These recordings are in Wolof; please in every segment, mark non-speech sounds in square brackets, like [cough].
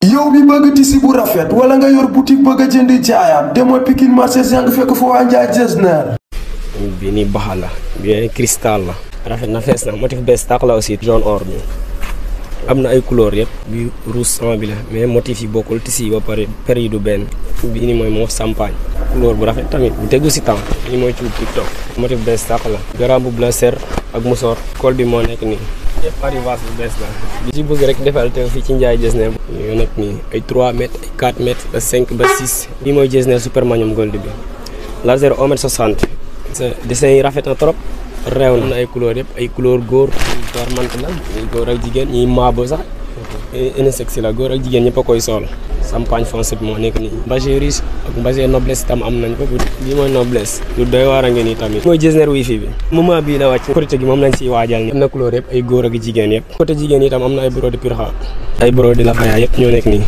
yow bi bëgg tisi bu rafet wala nga yor boutique bëgg a jënd jaayaat demo Pikine marché yang fekk fo waa jesner bi ni bahala bi ay cristal la rafet na fess na motif bes tak la aussi jaune or bi amna ay couleur yépp bi rouge sang bi la mais motif yi bokul tisi yi ba paré paré du ben bi ni moy mo champagne couleur bu rafet tamit bu tegu ci temps ni moy ci tiktok motif bes tak la bu blazer ak musor col bi mo nek ni arrivage bu bees la. li ci bëgg rek defal te fii ci Ndiaye Jesner. yooyu nag nii ay 3 mètres ay 4 ba 5 ba 6. lii mooy Jesner Supermanium Gold bi. laser 1 mètre 60. sa desin yi rafet na trop. reew na na ay couleur yëpp ay couleur góor. góor mant la góor ak jigéen ñi maabo sax. unisex la góor ak jigéen ñëpp a koy sool. campagne foncière mo nek ni bâché riche ak bâché noblesse tam am nañ ko lii mooy noblesse du doy waar a ngeen nii tamit moy jesner wifi bi moma bi la wàcc côté gi mom lañ ci wadjal ni am na couleur yëpp ay góor ak jigéen yëpp côté jigéen itam am na ay brode pirha ay brode la xaya yëpp ñoo nekk nii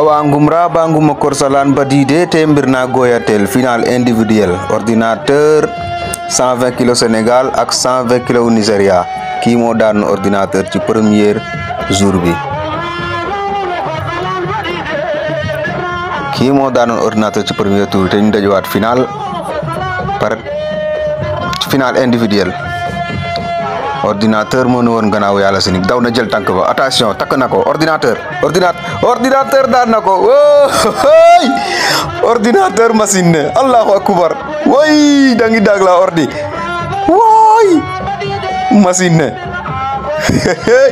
awangum rabanguma korsalan badide te mbirna goyatel final individuel ordinateur 120 kilo sénégal ak 120 kilo nigeria ki mo daan ordinateur ci premier jour bi kii moo daanoon ordinateur ci premier tour te ñu dajewaat final par final individuel ordinateur moo nu woon gannaaw yàlla sinik daw na jël tànk ba attention takk na ko ordinateur ordinate ordinateur daan na ko ordinateur machine ne allahu akbar way da ngi daag la ordi way machine ne [laughs]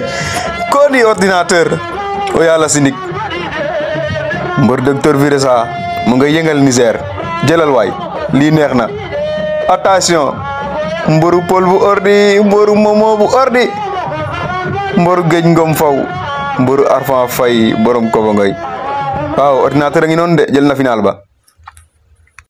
ko ordinateur o yàlla si mbër docteur Viressa mu nga yëngal Niger jëlal waay lii neex na attention mbëru Paul bu ordi mbëru Momo bu ordi mbëru géej ngom faw mbëru Arfan Fay borom koba ngoy waaw ordinateur a ngi noonu de jël na final ba